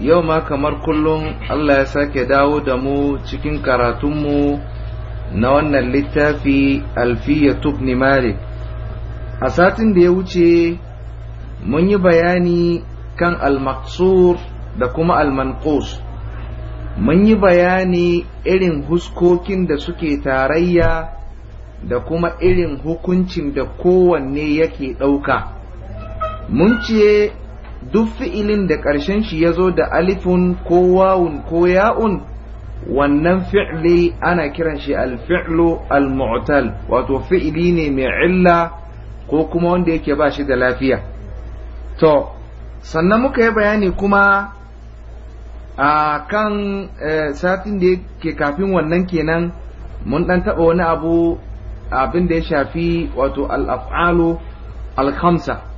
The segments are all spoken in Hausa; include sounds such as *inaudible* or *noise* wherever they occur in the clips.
yau ma kamar kullum Allah ya sake dawo da mu cikin karatunmu na wannan littafi alfiya tubni malik a satin da ya wuce mun yi bayani kan al da kuma al mun yi bayani irin huskokin da suke tarayya da kuma irin hukuncin da kowanne yake ɗauka mun ce duk fi'ilin da ƙarshen shi ya zo da alifun ko wawun ko ya'un wannan fi'li ana kiran shi alfi'lu almu'tal wato fi'ili ne mai illa ko kuma wanda yake ba shi da lafiya to sannan muka yi bayani kuma a kan eh, satin da yake kafin wannan kenan mun ɗan taɓa wani abu abin da ya shafi wato al al-af'alu al-khamsa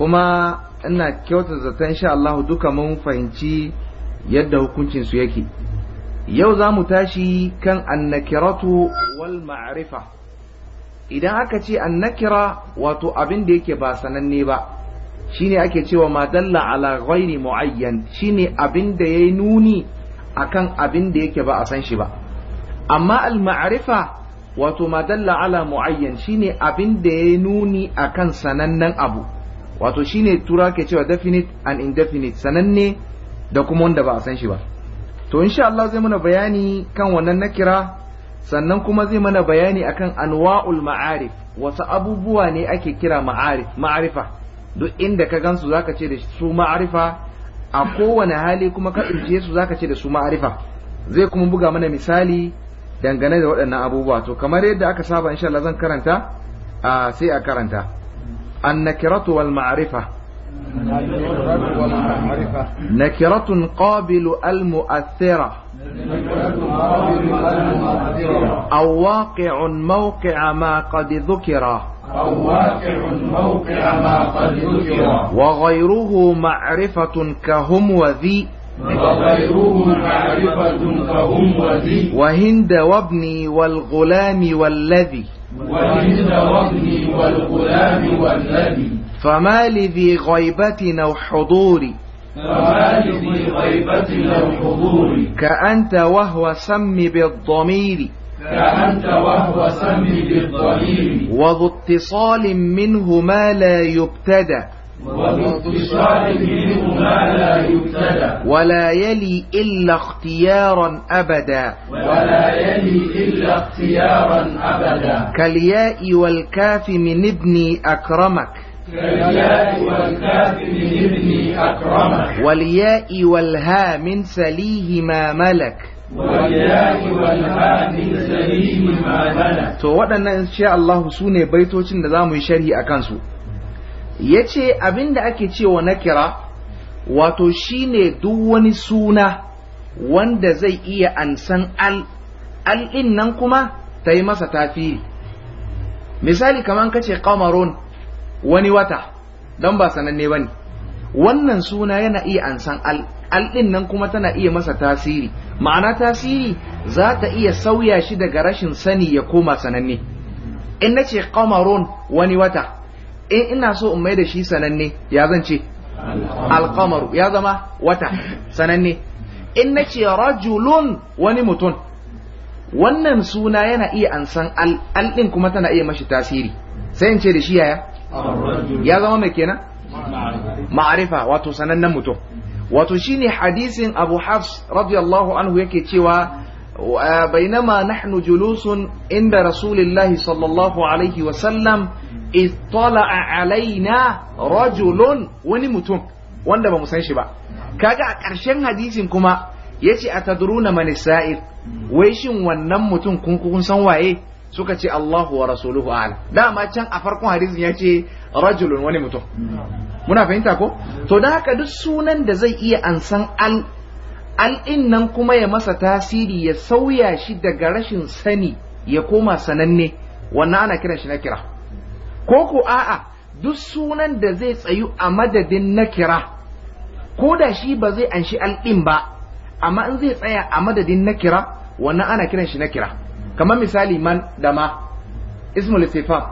kuma ina kyautata zata insha Allah duka mun fahimci yadda hukuncin su yake yau za mu tashi kan annakiratu wal ma'rifa idan aka ce annakira wato abin da yake ba sananne ba shine ake cewa ma dalla ala ghairi muayyan shine abin da yayi nuni akan abin da yake ba a san shi ba amma al ma'rifa wato ma dalla ala muayyan shine abin da yayi nuni akan sanannen abu wato shine tura ke cewa definite and indefinite sananne da kuma wanda ba a san shi ba to insha Allah zai mana bayani kan wannan nakira sannan kuma zai mana bayani akan anwa'ul ma'arif wasu abubuwa ne ake kira ma'arif ma'arifa duk inda ka gansu zaka ce da su ma'arifa a kowane hali kuma ka ɗauke su zaka ce da su ma'arifa zai kuma buga mana misali dangane da waɗannan abubuwa to kamar yadda aka saba insha Allah zan karanta sai a karanta النكرة والمعرفة نكرة قابل المؤثرة أو واقع موقع ما قد ذكر أو واقع موقع ما قد ذكر وغيره معرفة كهم وذي وغيره معرفة كهم وذي وهند وابني والغلام والذي والغلام والنبي فما لذي غيبة أو فما لذي غيبة أو حضور كأنت وهو سم بالضمير كأنت وهو سم بالضمير وذو اتصال منه ما لا يبتدأ لا يبتدى ولا يلي إلا اختيارا أبدا ولا يلي إلا اختيارا أبدا كالياء والكاف من ابني أكرمك كالياء والكاف من ابني أكرمك والياء والها من سليه ما ملك to waɗannan insha Allah su ne baitocin da za mu yi sharhi a kansu ya ce abinda ake cewa na kira wato shine duk wani suna wanda zai iya ansan al al'in nan kuma ta yi masa tafi misali kamar ka ce kamarun wani wata don ba sananne ba ne wannan suna yana iya ansan al al'in nan kuma tana iya masa tasiri ma'ana tasiri za ta iya sauya shi daga rashin sani ya koma sananne in na ce kamarun wani wata in ina so in mai da shi sananne ya zan ce alqamaru ya zama wata sananne in na ce rajulun wani mutum wannan suna yana iya ansan al kuma tana iya mashi tasiri sai in ce da shi yaya ya zama mai kenan ma'arifa wato sanannen mutum wato shine hadisin Abu Hafs radiyallahu anhu yake cewa بينما نحن جلوس عند inda الله صلى الله istala alaina rajulun wani mutum wanda ba mu san shi ba kaga a ƙarshen hadisin kuma yace atadruna man sa'ir wai shin wannan mutum kun kun san waye suka ce Allahu wa rasuluhu a'lam dama can a farkon hadisin yace rajulun wani mutum muna fahimta ko to da haka duk sunan da zai iya ansan al al nan kuma ya masa tasiri ya sauya shi daga rashin sani ya koma sananne wannan ana kiran shi na kira ko ku a'a duk sunan da zai tsayu a madadin nakira ko da shi ba zai anshi al'in ba amma in zai tsaya a madadin nakira wannan ana kiran shi nakira kamar misali man da ma ismul istifam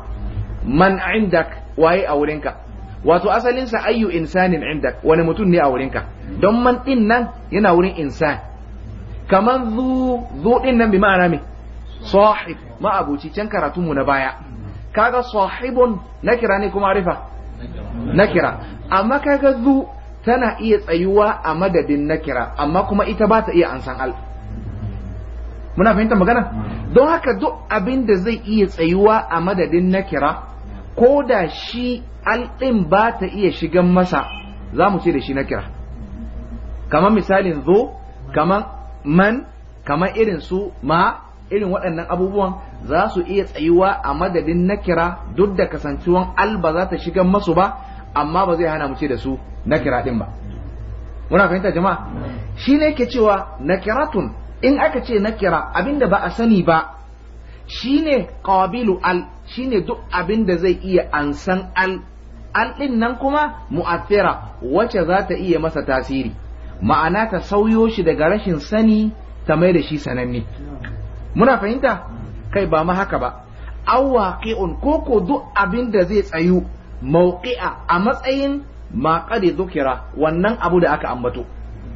man indak waye a wurinka wato asalinsa ayyu insanin indak wani mutum ne a wurinka don man din nan yana wurin insan kamar zu zu din nan bi ma'ana me sahib abuci can karatunmu na baya kaga sahibun nakira ne kuma arifa nakira amma kaga zu tana iya tsayuwa a madadin nakira amma kuma ita ba ta iya ansan al muna fahimta magana don haka duk abin da zai iya tsayuwa a madadin nakira ko da shi al din ba ta iya shigan masa za mu ce da shi nakira kamar misalin zo kamar man kamar irin su ma irin waɗannan abubuwan za su iya tsayuwa a madadin nakira duk da kasancewan al ba za ta shiga masu ba amma ba zai hana mu ce da su nakira din ba muna fahimta jama'a shi ne ke cewa nakiratun in aka ce nakira abinda ba a sani ba shi ne qabilu al Shi ne duk abinda zai iya ansan al al din nan kuma mu'athira wacce za ta iya masa tasiri ma'ana ta sauyo shi daga rashin sani ta mai da shi sananni. muna fahimta kai ba ma haka ba aw ko ko duk abin da zai tsayu mawqi'a a matsayin ma kare kira, wannan abu da aka ambato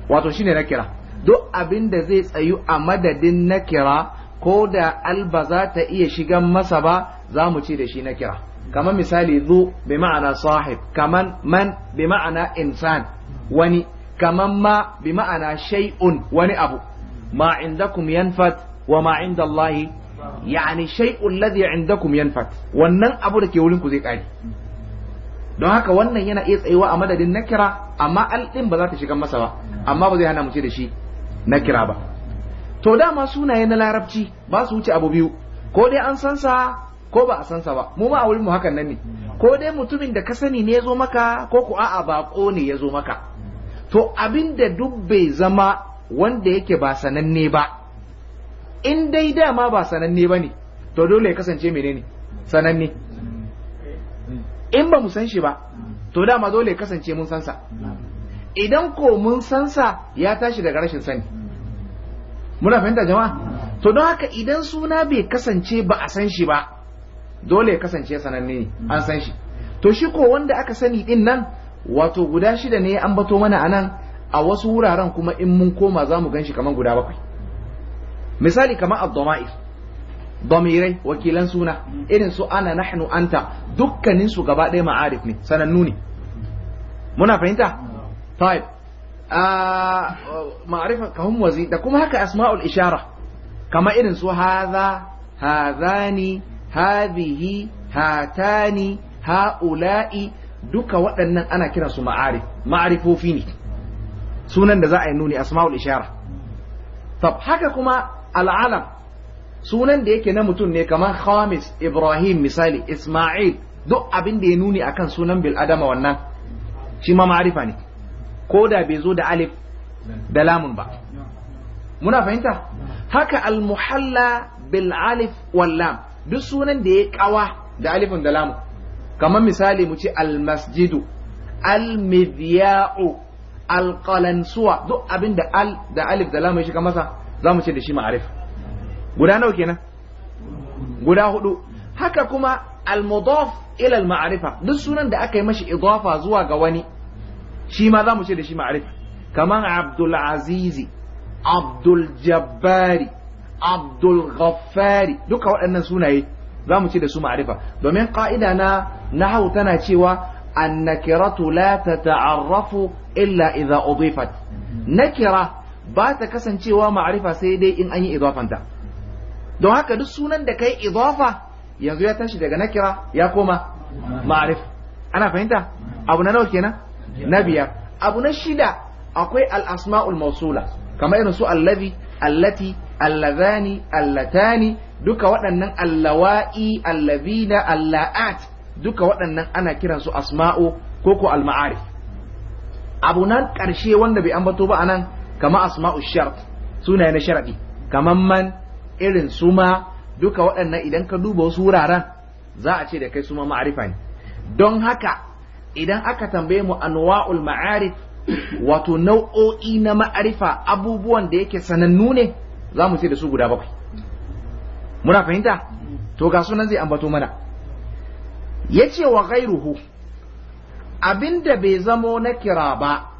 wato shine na kira duk abin da zai tsayu a madadin na kira ko da alba za ta iya shigan masa ba za mu ce da shi na kira kamar misali zu bi ma'ana sahib kaman man bi ma'ana insan wani kaman ma bi ma'ana shay'un wani abu ma indakum yanfat wa ma inda Allahi yani shay'un ladhi indakum yanfat wannan abu da ke wurin ku zai kare don haka wannan yana iya tsayuwa a madadin nakira amma al ba za ta shiga masa ba amma ba zai hana mu ce da shi nakira ba to dama sunaye na larabci ba su wuce abu biyu ko dai an san sa ko ba a san sa ba mu ma a wurin mu hakan nan ne ko dai mutumin da ka sani ne ya zo maka ko ku a'a bako ne ya zo maka to abin da duk bai zama wanda yake ba sananne ba in dai dama ba sananne ba ne to dole ya kasance menene sananne in ba mu san shi ba to dama dole ya kasance mun sansa idan ko mun sansa ya tashi daga rashin sani muna fahimta jama'a to don haka idan suna bai kasance ba a san shi ba dole ya kasance sananne an san shi to shi ko wanda aka sani din nan wato guda shida ne an bato mana anan a wasu wuraren kuma in mun koma za mu gan shi kamar guda bakwai misali kamar ad-dama'ir wakilan suna irin su ana nahnu anta dukkanin su gaba ɗaya ma'arif ne sanannu ne muna fahimta طيب آه معرفة كهم وزي ده كم هكا أسماء الإشارة كما إذن سو هذا هذان هذه هاتان هؤلاء duka waɗannan ana kira su ma'arif ma'arifofi ne sunan da za a yi nuni asma'ul ishara tab haka kuma al'alam sunan da yake na mutum ne kamar khamis ibrahim misali isma'il duk abin da ya nuni akan sunan bil adama wannan shi ma ma'arifa ne ko da bai zo da alif da lamun ba muna fahimta haka almuhalla bil alif wal lam duk sunan da ya kawa da alifin da lamun kamar misali mu ce almasjidu al alqalansuwa duk abin da al da alif da lamun shi masa za mu ce da shi ma'arifa. guda nawa kenan guda hudu haka kuma al-mudaf ila al duk sunan da aka yi mashi idafa zuwa ga wani shi ma za mu ce da shi ma'arifa. Kamar abdul azizi abdul jabbari abdul ghaffari duka waɗannan sunaye za mu ce da su ma'arifa domin ƙa'ida na nahawu tana cewa annakiratu la tata'arrafu illa idza udifat nakira ba ta kasancewa ma'arifa sai dai in an yi idafanta don haka duk sunan da kai idafa yanzu ya tashi daga nakira ya koma ma'arif ana fahimta abu na nawa kenan na biyar abu na shida akwai al-asma'ul mawsula kamar irin su allabi allati allazani allatani duka waɗannan allawa'i allazina alla'at duka waɗannan ana kiransu asma'u ko ko al-ma'arif abu nan ƙarshe wanda bai ambato ba anan kama asma'u shart sunaye na sharadi kaman man irin suma duka waɗannan idan ka duba wasu wuraren za a ce da kai suma ma'arifa ne don haka idan aka tambaye mu anwa'ul ma'arif wato nau'o'i na ma'arifa abubuwan da yake sanannu ne za mu ce da su guda bakwai muna fahimta to ga sunan zai ambato mana ya ce wa gairuhu abinda bai zamo na kira ba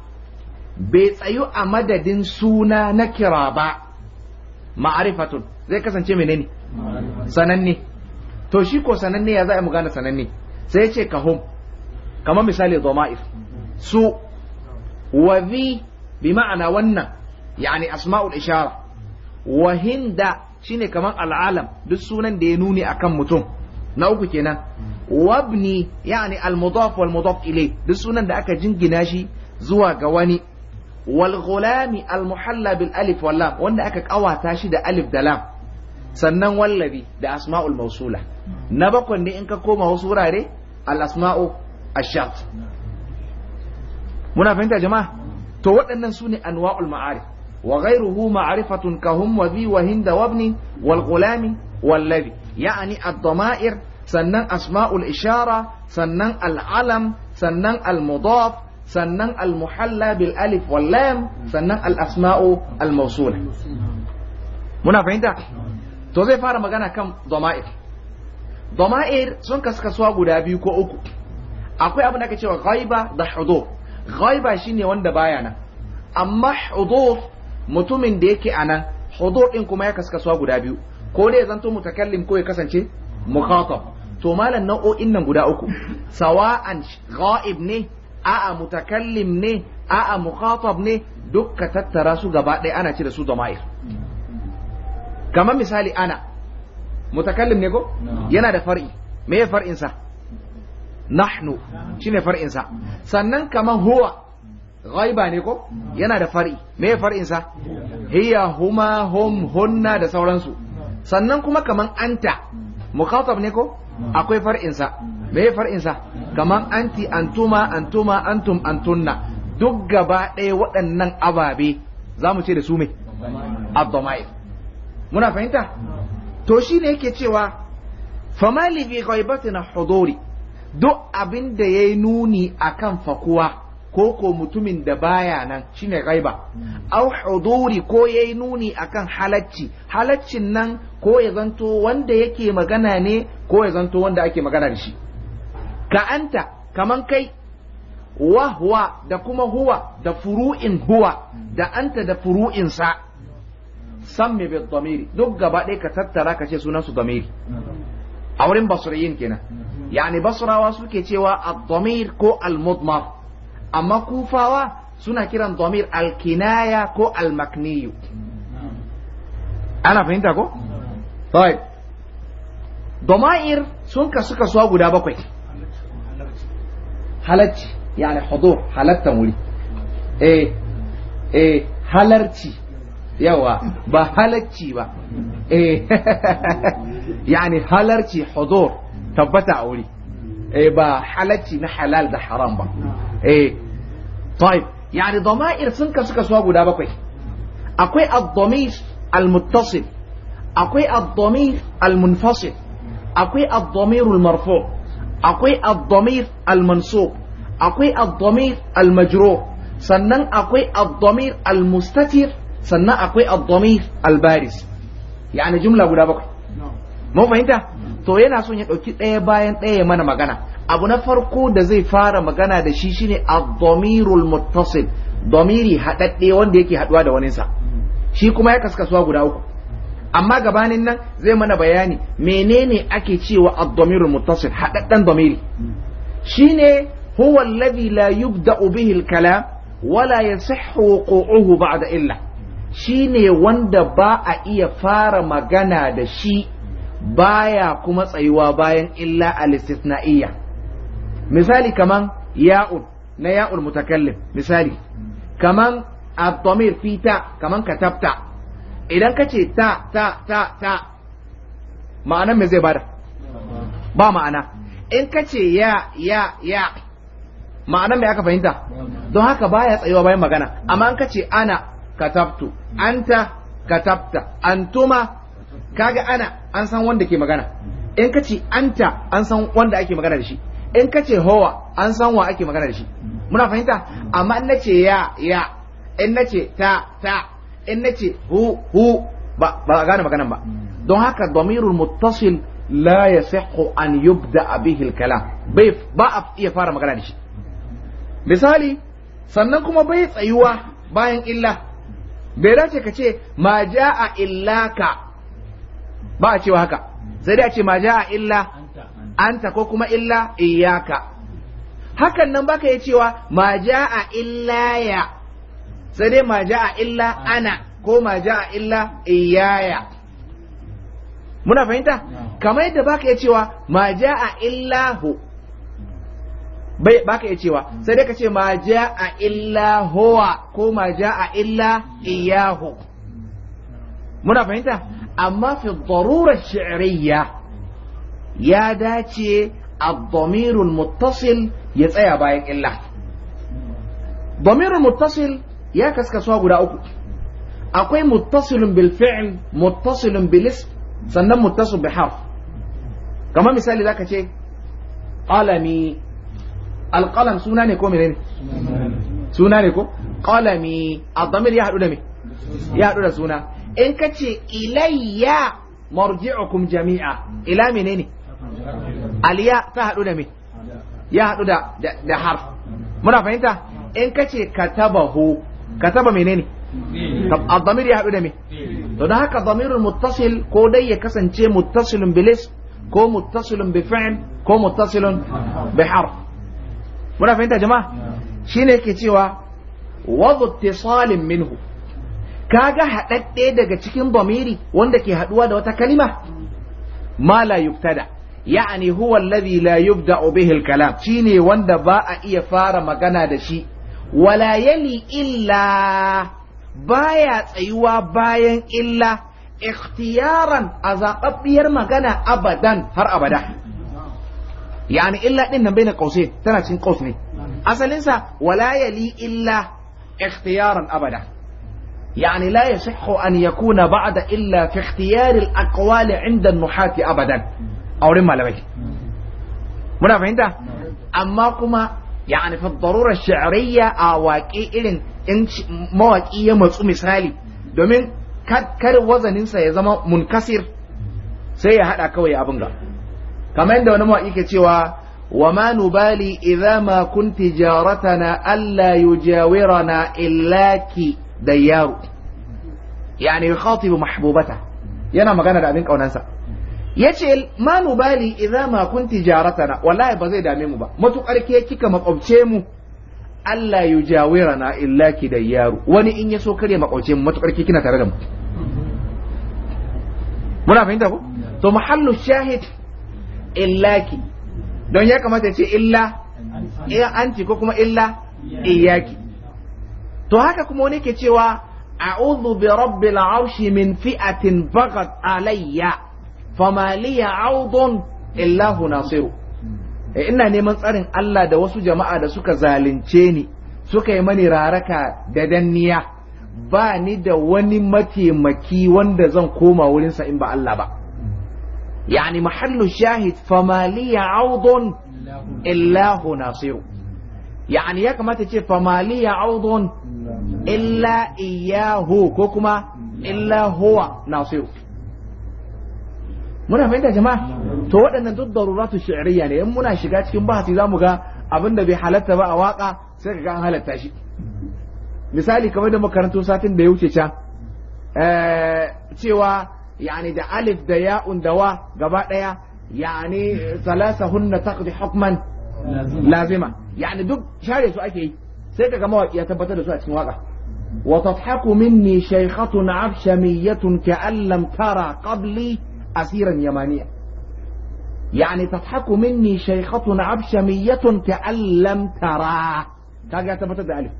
bai tsayu a madadin suna na kira ba ma'arifatun zai kasance menene sananne to shi ko sananne ya za a gane sananne sai ce kahum kamar misali zoma'if su wazi bi ma'ana wannan yani asma'ul ishara wahinda shine kamar al'alam duk sunan da ya nuni akan mutum na uku kenan wabni yani al-mudaf wal mudaf ilay duk sunan da aka jingina shi zuwa ga wani wal ghulami al bil alif wal wanda aka kawata shi da alif da lam sannan wallabi da asma'ul mausula na bakon ne in ka koma wasu wurare al asma'u ashat muna fahimta jama'a to waɗannan su ne anwa'ul ma'arif wa ghayruhu ma'rifatun kahum wa bi wa hinda wa ibni wal ghulami wal ladhi ya'ni ad-dama'ir sannan asma'ul ishara sannan al-alam sannan al-mudaf sannan al-muhalla bil alif wal lam sannan al-asma'u al-mawsula muna fahimta to zai fara magana kan dama'ir dama'ir sun kaskasuwa guda biyu ko uku akwai abin da ake cewa ghaiba da huduf ghaiba shine wanda baya nan amma huduf mutumin da yake anan huduf din kuma ya kaskasuwa guda biyu ko dai zanto mutakallim ko ya kasance mukhatab to malan nau'o'in nan guda uku sawa'an ghaib ne a'a mutakallim ne a'a mukhatab ne dukka tattara su gaba ɗaya ana ce da su zama'ir kamar misali ana mutakallim ne ko yana da far'i me ya sa nahnu shine sa sannan kamar huwa ghaiba ne ko yana da far'i me ya sa hiya huma hum hunna da sauransu sannan kuma kamar anta mukhatab ne ko akwai sa me far'in sa kaman anti antuma antuma antum antunna duk gaba ɗaya waɗannan ababe za mu ce da su me abdomair muna fahimta to shi ne yake cewa famali bi na huduri duk abin da ya nuni akan fakuwa ko ko mutumin da baya nan shine ghaiba au huduri ko yayi nuni akan halacci halaccin nan ko ya zanto wanda yake magana ne ko ya zanto wanda ake magana da shi ka anta kaman kai wa huwa da kuma huwa da furu'in huwa da anta da furu'in sa sammi bi duk gaba ɗaya ka tattara ka ce sunan su dhamiri a wurin basriyin kenan yani basrawa suke cewa ad-dhamir ko al-mudmar amma kufawa suna kiran dhamir al-kinaya ko al-makniyu ana fahimta ko? Right. Mm. Doma'ir sun kasu kasuwa guda bakwai. حالتي يعني حضور حالات تمولي ايه ايه حالرتي يوا با حالتي با ايه *laughs* يعني حالرتي حضور تبتع ولي ايه با حالتي ما حلال ده حرام با ايه طيب يعني ضمائر سنك سكا سواب ده بكوي اكوي الضمير المتصل اكوي الضمير المنفصل اكوي الضمير المرفوع akwai ad-damir al-mansub akwai ad-damir al sannan akwai ad al-mustatir sannan akwai ad albaris al-baris yani jumla guda bakwai mun fahimta to yana son ya dauki ɗaya bayan ɗaya mana magana abu na farko da zai fara magana da shi shine ad-damirul muttasil haɗaɗɗe wanda yake haɗuwa da waninsa mm. shi kuma ya kaskasuwa guda uku amma gabanin nan zai mana bayani menene ake cewa ad-damirul muttasil hadaddan damiri shine huwa alladhi la yubda'u bihi al-kalam wala yasihhu wuqu'uhu ba'da illa shine wanda ba a iya fara magana da shi baya kuma tsayuwa bayan illa al-istithna'iyya misali kaman ya'ul na ya'ul mutakallim misali kaman addomir fita kaman katabta idan ka ce ta ta ta ta ma'anan me zai bada ba ma'ana in ka ce ya ya ya ma'anan me aka fahimta don haka baya tsayuwa bayan magana amma in ka ce ana katabtu anta katabta antuma kaga ana an san wanda ke magana in ka ce anta an san wanda ake magana da shi in ka ce hawa an san wa ake magana da shi muna fahimta amma in na ce ya ya in na ce ta ta in na ce hu hu ba a gane maganan ba don haka damirul muttasil la sahu an yubda a kalam ba a iya fara magana da shi misali sannan kuma bai tsayuwa bayan illa bai dace ka ce ma ja a illa ka ba a cewa haka zai dace a ce ma illa anta ko kuma illa iyaka hakan nan baka yi cewa ma ja a illa ya sai dai ma ja'a illa ana ko ma ja'a illa iyaya muna fahimta kamar yadda baka iya cewa ma ja'a illahu bai baka iya cewa mm. sai dai ka ce ma ja'a illa huwa ko ma ja'a illa iyahu muna fahimta amma fi darurar shi'riyya ya dace الضمير المتصل يتأيى bayan إلا ضمير المتصل ya kaskasuwa guda uku akwai muttasilun bil fi'l muttasilun bil ism sannan muttasil bi harf kamar misali zaka ce qalami alqalam suna ne ko menene suna ne ko qalami ad ya hadu da me ya hadu da suna in kace ilayya marji'ukum jami'a ila menene aliya ta hadu da me ya hadu da da harf muna fahimta in ka kace katabahu Ka taba menene damir ya haɗu da me to da haka damirul muttasil ko dai ya kasance muttasilun bilis ko muttasilun bi ko muttasilun bi harf muna fahimta jama'a shine yake cewa wadhu ittisalin minhu kaga haɗaɗɗe daga cikin damiri wanda ke haɗuwa da wata kalima ma la ya'ani huwa alladhi la yubda'u bihi al-kalam shine wanda ba a iya fara magana da shi wala yali illa baya tsayuwa bayan illa ikhtiyaran a zaɓaɓɓiyar magana abadan har abada yani illa ɗin nan bai na tana cin ƙaus ne asalinsa wala yali illa ikhtiyaran abada يعني لا يصح أن يكون بعد إلا في اختيار الأقوال عند النحاة أبدا أو رمى لوي منا فهمت أما كما يعني في a الشعرية irin إلين mawaƙi ya matsu misali domin kar wazaninsa ya zama munkasir sai ya haɗa kawai abin ga kamar yadda wani mawaƙi ke cewa wa ma nubali idza ma kun tijaratana alla yujawirana illaki dayyaru yani yukhatibu mahbubata yana magana da abin ƙaunansa. yace ma nubali idza ma kunti jaratana wallahi ba zai dame mu ba matukar ke kika makwabce mu Allah na illa ki da yaro wani in ya so kare makwabce mu matukar ke kina tare da mu muna fahimta ko to mahallu shahid ki? don ya kamata ya ce illa anti ko kuma illa iyaki to haka kuma wani ke cewa a'udhu bi rabbil arshi min fi'atin baghat alayya famaliya audun illahu nasiru hmm. eh, ina neman tsarin Allah da wasu jama'a da suka zalunce ni suka yi mani raraka da danniya ba ni da wani mataimaki wanda zan koma wurinsa in ba Allah ba yani mahallu shahid famaliya audun illahu nasiru yani ya kamata ce famaliya audun illa iyahu ko kuma hmm. illa huwa nasiru muna fahimta jama'a to waɗannan duk daruratu shi'riyya ne in muna shiga cikin bahasi zamu ga abin da bai halatta ba a waka sai ga an halatta shi misali kamar da makarantu satin da ya wuce can cewa yani da alif da ya undawa gaba daya yani salasa hunna taqdi hukman lazima yani duk share su ake yi sai kaga mawaki ya tabbatar da su a cikin waka wa tadhaku minni shaykhatun abshamiyatun ka'allam tara qabli أسيرا يمانيا يعني تضحك مني شيخة عبشمية كأن لم ترى كان قاعد تبتد ألف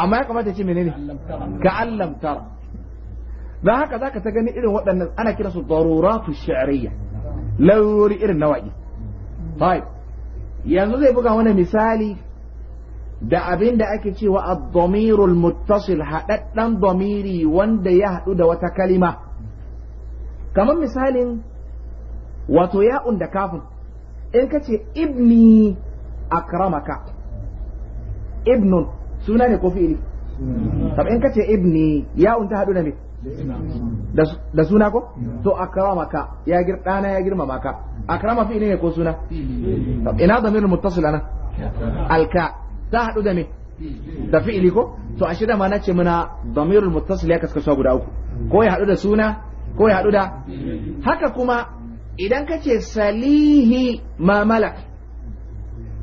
أما ما تشي من كأن لم ترى ذا هكذا كتجني إلي وقت أنا كده الضرورات الشعرية لو يوري إلي النواجي طيب ينظر يعني يبقى هنا مثالي misali da abin da ake cewa ad-damirul muttasil haɗaɗɗen يهدد wanda ya da wata kalima kamar misalin wato ya'un da kafin in ka ce ibni akramaka ibnun suna ne ko fi'ili kam in ka ce ibni ya'un ta haɗu da me da suna ko to akramaka ya gir dana ya girmama ka akrama fi'ili ne ko suna ina da damirul muttasil ana alka ta haɗu da me da fi'ili ko to ashe da ma na ce muna damirul muttasil ya kaskasa guda uku ko ya haɗu da suna ko ya haɗu da haka kuma idan ka ce salihi mamala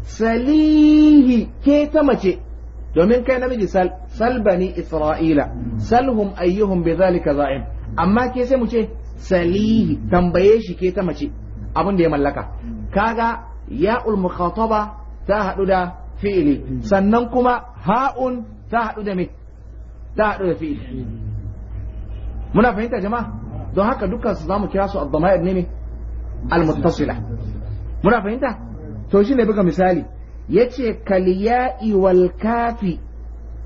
salihi ke ta mace domin kai namiji sal sal bani isra'ila salhum ayyuhum bi zalika za'im amma ke sai mu ce salihi tambaye shi ke ta mace abin da ya mallaka kaga ya'ul mukhataba ta haɗu da fi'ili sannan kuma ha'un ta haɗu da me ta haɗu da fi'ili muna fahimta jama'a don haka dukkan su zamu kira su ad-dama'ir ne ne al-muttasila muna fahimta to shi ne buga misali yace kaliya'i wal kafi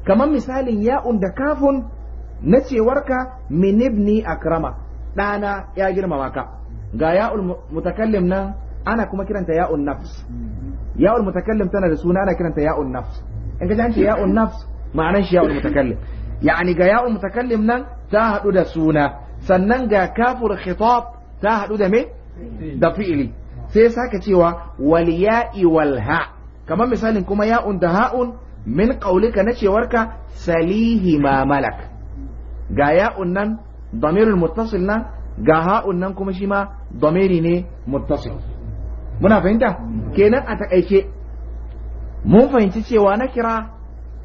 kamar misalin ya'un da kafun na cewarka min ibni akrama dana ya girmama ka ga ya'ul mutakallim nan ana kuma kiranta ya'un nafs ya'ul mutakallim tana da suna ana kiranta ya'un nafs in ka ji ya'un nafs ma'anar shi ya'ul mutakallim yani ga ya'ul mutakallim nan ta haɗu da suna sannan ga kafur khitab ta haɗu da me da fi'ili sai ya saka cewa wal ya'i wal ha kamar misalin kuma ya'un da ha'un min qaulika na cewarka salihi ma malak ga ya'un nan damirul muttasil nan ga ha'un nan kuma shi ma damiri ne muttasil muna fahimta kenan a takaice mun fahimci cewa na kira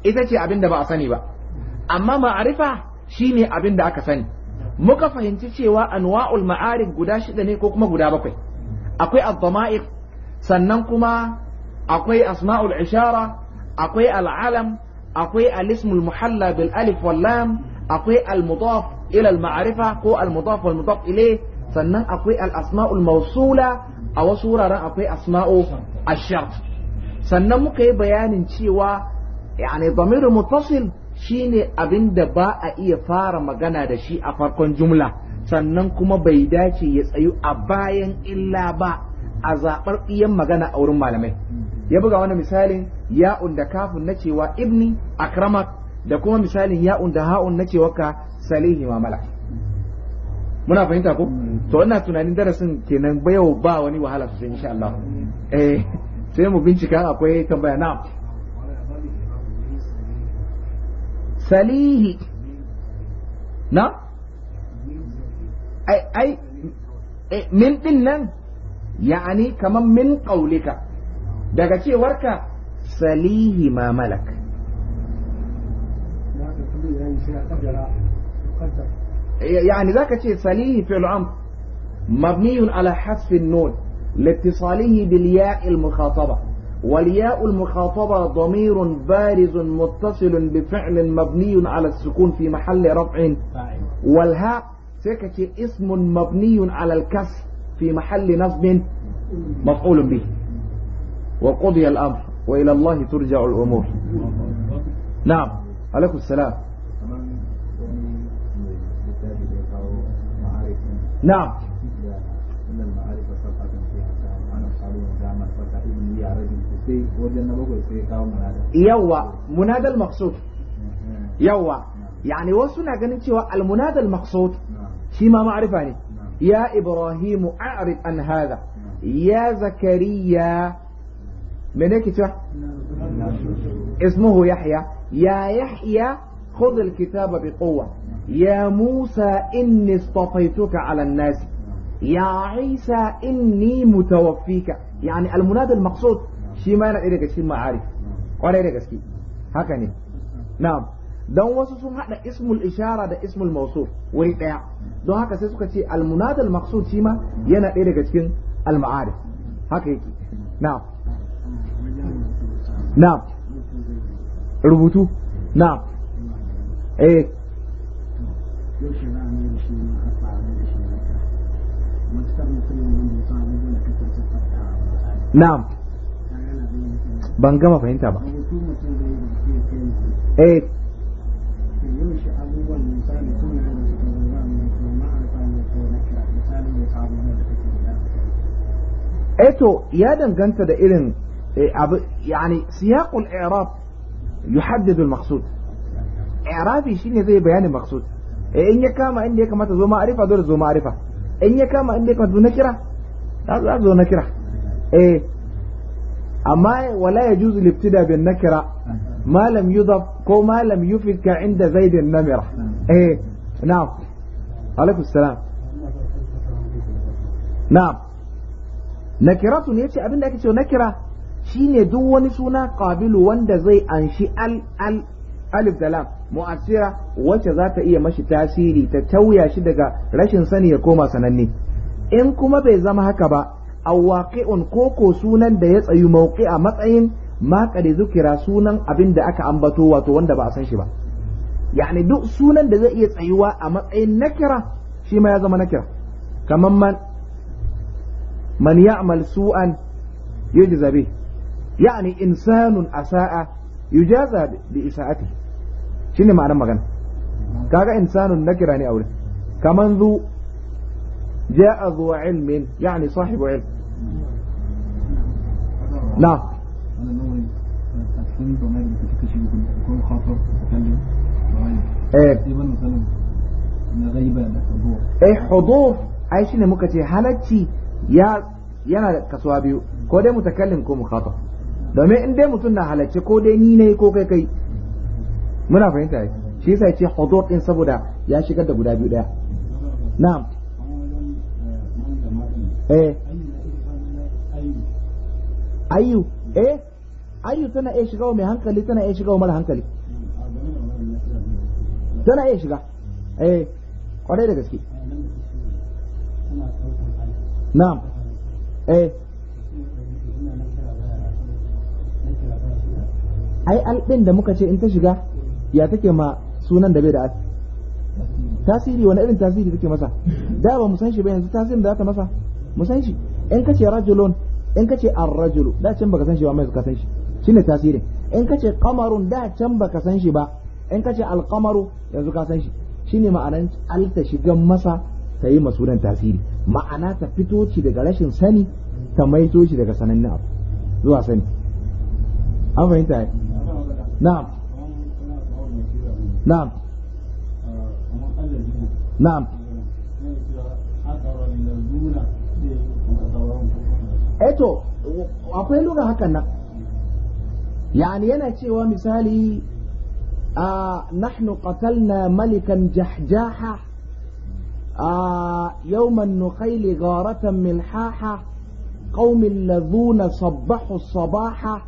ita ce abin da ba a sani ba amma ma'arifa shine abin da aka sani muka fahimci cewa anwa'ul ma'arif guda shida ne ko kuma guda bakwai akwai ad-dama'iq sannan kuma akwai asma'ul ishara akwai al'alam akwai alismul muhalla bil alif wal lam akwai al-mudaf ila al-ma'rifa ko al-mudaf wal mudaf ilayh sannan akwai al-asma'ul mawsula a wasu wuraren akwai asma'u ash-shart sannan muka yi bayanin cewa yani damiru muttasil Shi ne abin da ba a iya fara magana da shi a farkon jumla sannan kuma bai dace ya tsayu a bayan illa ba a zaɓar iyan magana a wurin malamai ya buga wani misalin ya'un da kafin na cewa ibni Akramat, da kuma misalin ya'un da ha'un na cewa ka salihi mamala muna fahimta ko to ina tunanin darasin kenan bayo ba wani wahala sosai insha Allah eh sai mu bincika akwai tambaya na'am سليه نعم أي أي من إنن يعني كمان من قولك شيء ورك سليه ما ملك يعني ذاك شيء سليه في العمر مبني على حذف النون لاتصاله بالياء المخاطبة والياء المخاطبة ضمير بارز متصل بفعل مبني على السكون في محل رفع والهاء سكت اسم مبني على الكسر في محل نصب مفعول به وقضي الأمر وإلى الله ترجع الأمور نعم عليكم السلام يعني، يعني، نعم يوا منادى المقصود يوا يعني وصلنا جنن تشوا المنادى المقصود شي ما معرفه يعني يا ابراهيم أعرف أن هذا يا زكريا منك تشوا اسمه يحيى يا يحيى خذ الكتاب بقوه يا موسى اني اصطفيتك على الناس يا عيسى اني متوفيك يعني المنادى المقصود shi ma yana ɗaya daga cikin ma'ari kwarai da gaske haka ne na'am don wasu sun hada ismul ishara da ismul mausuf wuri daya don haka sai suka ce almunad al-maqsud shi ma yana daya daga cikin al-ma'arif haka yake na'am na'am rubutu na'am eh na'am ban gama fahimta ba eh eto eh ya danganta da irin eh, abu yani siyaqul i'rab yuhaddid al maqsud i'rabi shine zai bayani maqsud eh, in ya kama inda ya kamata zo ma'arifa dole zo ma'arifa in ya kama inda ya kamata zo nakira za zo nakira eh amma wala ya juzu liftida bin nakira ma lam ko Malam lam inda zaidin namira eh na'am alaikum salam na'am nakiratun yace abin da ake cewa nakira shine duk wani suna qabilu wanda zai anshi al al alif da lam mu'assira wacce za ta iya mashi tasiri ta tauya shi daga rashin sani ya koma sananne in kuma bai zama haka ba aw waqi'un koko sunan da ya tsayu mauqi a matsayin ma kada zukira sunan abin da aka ambato wato wanda ba a san shi ba yani duk sunan da zai iya tsayuwa a matsayin nakira shi ma ya zama nakira kaman man man ya'mal su'an yujza bih yani insanun asa'a yujaza bi isa'ati shine ma'anar magana kaga insanun nakira ne a wurin kaman zu ja'a zu ilmin yani sahibu ilm نعم eh hudur ai shine muka ce halacci ya yana da kasuwa biyu ko dai mutakallim ko mukhatab domin in dai mutum na halacce ko dai ni ne ko kai kai muna fahimta ai shi yasa ya ce hudur din saboda ya shigar da guda biyu daya na'am eh ayu eh ayu tana iya shiga wa mai hankali tana iya shiga wa mara hankali tana iya shiga eh kwarai da gaske na'am eh ai alɗin da muka ce in ta shiga ya take ma sunan da bai da tasiri wani irin tasiri take masa da ba mu san shi ba yanzu tasirin da aka masa mu san shi in kace rajulun in kace ar-rajulu da can baka san shi ba mai ka san shi shine tasiri. in kace qamarun da can baka san shi ba in kace al-qamaru yanzu ka san shi shine ma'anan alta shigan masa ta yi masunan tasiri ma'ana ta fito ci daga rashin sani ta maito shi daga sanannin abu zuwa sani an fahimta na'am na'am na'am eto akwai lura hakan nan yani yana cewa misali a nahnu qatalna malikan jahjaha a yawman nukhaili gharatan milhaha qaumin ladhuna sabbahu sabaha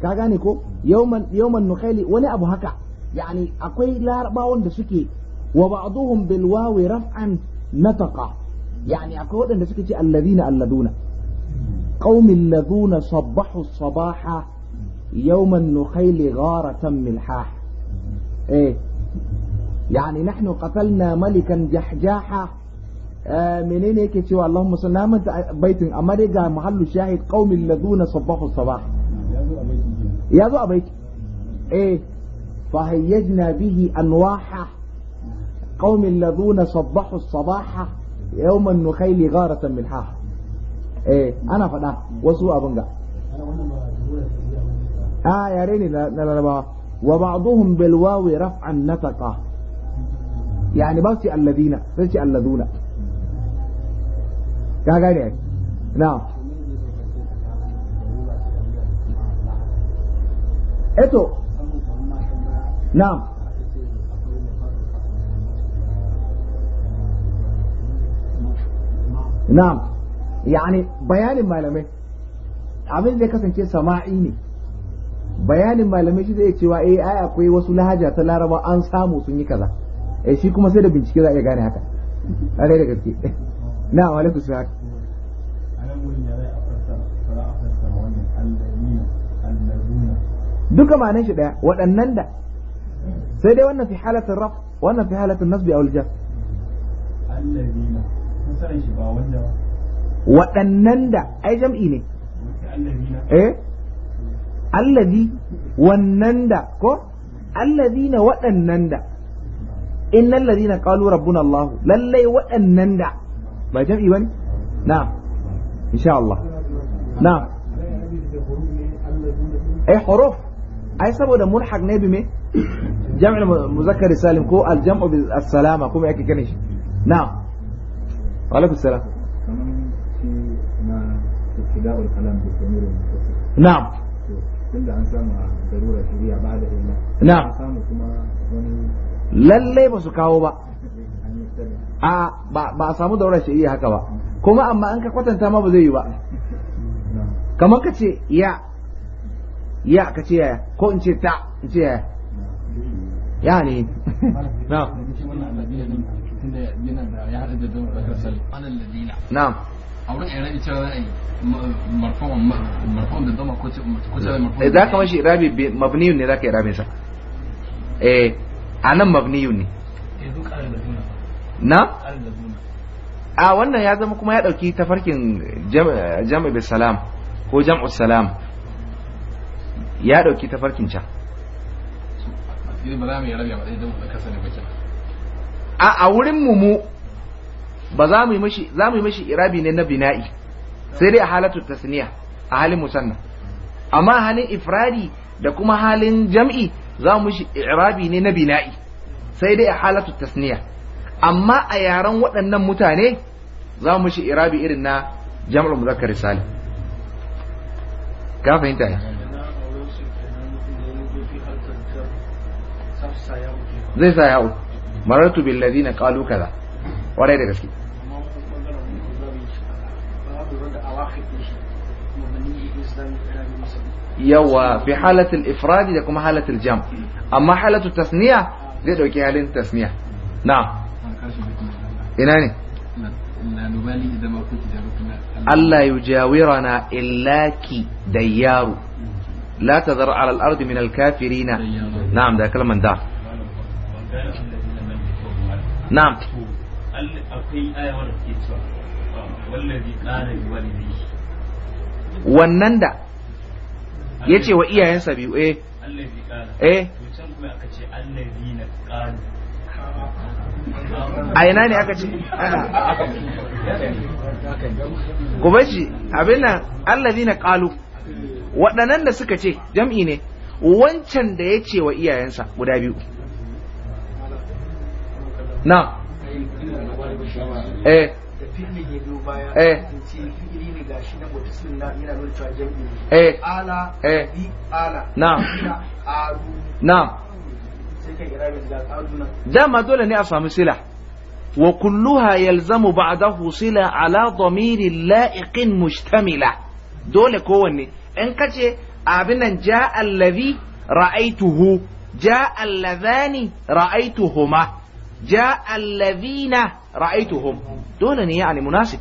ka gane ko yawman yawman nukhaili wani abu haka yani akwai larabawan da suke wa ba'dhum bil wawi raf'an nataqa يعني أقول أن سكتي الذين الذون القوم الذين صبحوا الصباح يوم النخيل غارة ملحاح ايه يعني نحن قتلنا ملكا جحجاحا آه، منين هيك سوى اللهم صل على بيت امريكا محل الشاهد قوم الذين صبحوا الصباح يا ذو بيت ايه فهيجنا به انواحا قوم الذين صبحوا الصباح يوم النخيل غارة ملحاح eh ana faɗa wasu abin ga a yare ne na larabawa wa ba'dhum bil wawi raf'an nataqa yani ba su alladina sai ce alladuna ka gane na eto na'am na'am yani bayanin malamai abin zai kasance sama'i ne bayanin malamai shi zai cewa eh ai akwai wasu lahaja ta laraba an samu sun yi kaza eh shi kuma sai da bincike za a iya gane haka kare da gaske na wa alaikum salam duka ma'anar shi daya waɗannan da sai dai wannan fi halatin raf wannan fi halatin nasbi a wuljar allazina sun sanin shi ba wanda ba waɗannan da ai jam'i ne eh allazi wannan da ko allazi na waɗannan da innal ladina qalu rabbuna allah lallai waɗannan da ba jam'i bane na'am insha Allah na'am ai eh, huruf ai saboda mulhaq ne bi me jam'il muzakkar salim ko al jam'u bis salama kuma yake kane shi na'am wa alaikum salam ibtida'ul kalam Lallai ba da illa ba su kawo ba a ba ba a samu daura shari'a haka ba kuma amma an ka kwatanta ma ba zai yi ba kamar ka ce ya ya ka ce yaya ko in ce ta in ce yaya ya ne na'am na'am a wurin irabi cewa za a yi marfon da dama ko ce marfon eh, za ka mashi irabi mabniyun ne za ka irabi sa eh a nan mabniyun ne na a wannan ya zama kuma ya dauki tafarkin jam'i bis salam ko jam'u salam ya dauki tafarkin can a wurin mu mu ba za mu yi mishi za mu yi mishi irabi ne na bina'i sai dai a halatu tasniya a halin musanna amma halin ifradi da kuma halin jam'i za mu shi irabi ne na bina'i sai dai a halatu tasniya amma a yaran waɗannan mutane za mu shi irabi irin na jam'ul muzakkar salim ka fahimta ne zai sa ya'u marartu bil ladina qalu kaza warai da gaske يوا في حالة الإفراد يكون حالة الجمع أما حالة التثنية يدعوك حالة التثنية نعم إناني ألا يجاورنا إلا كي ديار لا تذر على الأرض من الكافرين نعم ده كلام من ده نعم wannan da ya ce wa iyayensa biyu eh eh a ina ne aka ce ku abin nan allazi na ƙalu waɗannan da suka ce jam'i ne wancan da ya ce wa iyayensa guda biyu na eh نعم دولة نعفة مسلة وكلها يلزم بعده صلة على ضمير لائق مجتملة دولة كواني انك أبن جاء الذي رأيته جاء اللذان رأيتهما جاء الذين رأيتهم دولة يعني مناسب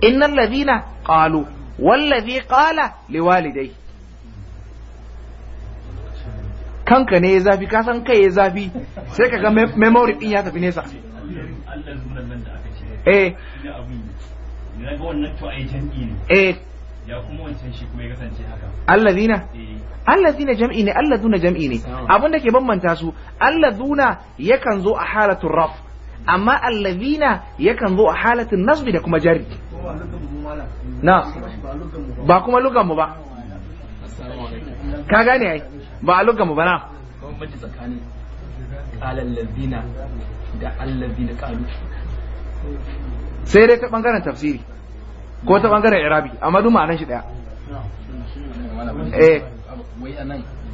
innal ladina qalu wallazi qala liwalidai kanka ne ya zafi ka san kai ya zafi sai ka ga memory din ya tafi nesa eh eh ya kuma wancan shi kuma ya kasance haka allazina allazina jam'i ne allazuna jam'i ne abin da ke bambanta su allazuna yakan zo a halatun raf amma allazina yakan zo a halatun nasbi da kuma jari na ba kuma lugan mu ba ka gane ai ba a lugan mu ba na sai dai ta bangaren tafsiri ko ta bangaren irabi amma duk nan shi daya eh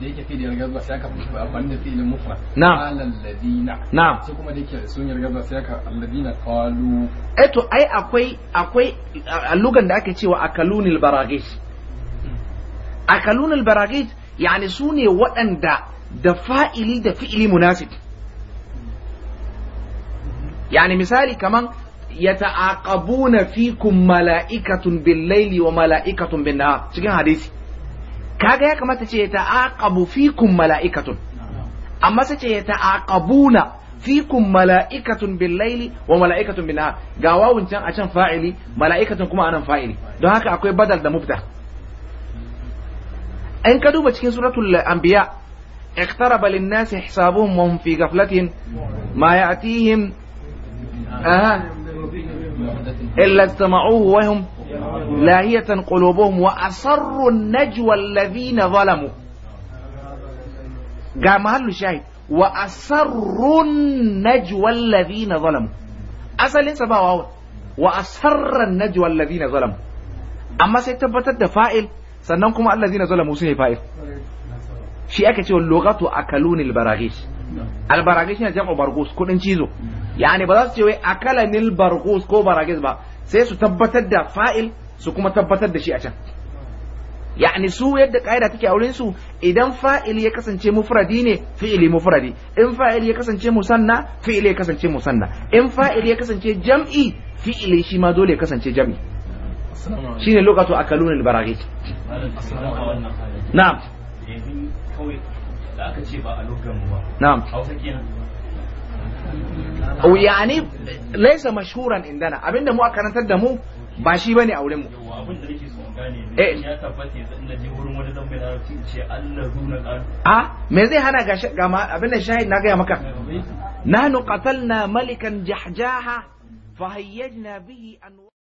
da yake fi da yarga zuwa sai aka fi da na'am alladina na'am sai kuma da yake sun yarga zuwa sai aka alladina qalu eh to ai akwai akwai da ake cewa akalunil baragis akalunil baragis yani su waɗanda da fa'ili da fi'ili munasib yani misali kaman yata'aqabuna fikum mala'ikatun bil laili wa mala'ikatun bin nahar cikin hadisi kaga ya kamata ce ta aqabu fikum mala'ikatun amma sai ce ta aqabuna fikum mala'ikatun bil laili wa mala'ikatun bin nahar ga wawun can a can fa'ili mala'ikatun kuma anan fa'ili don haka akwai badal da mubta in ka duba cikin suratul anbiya اقترب للناس حسابهم وهم في غفلة ما يأتيهم آه إلا استمعوه وهم lahiyatan qulubuhum wa asarru najwa alladhina asalin sa ba wawa amma sai tabbatar da fa'il sannan kuma alladhina zalamu sun yi fa'il shi aka ce lugatu akalunil baraghish al baraghish cizo yani ba za su ce wai akalanil ko baraghish ba sai su tabbatar da fa'il su kuma tabbatar da shi a can ya'ni su yadda ƙa'ida take a wurin su idan fa'il ya kasance mufradi ne fi'ili mufradi in fa'il ya kasance musanna fi'ili ya kasance musanna in fa'il ya kasance jam'i fi'ili shi ma dole ya kasance jam'i shine lokacin akalun albaraghi na'am yanzu kawai da aka ce ba a lokacin ba na'am hausa kenan yani laisa mashhuran indana abinda mu a karantar da mu ba shi bane a wurin mu abin eh. ya tabbata ya na je wurin wani dan mai larabci ce Allah zuna qalu a me zai hana ga ga abin shahid na gaya maka nahnu qatalna malikan jahjaha fahayyajna bihi an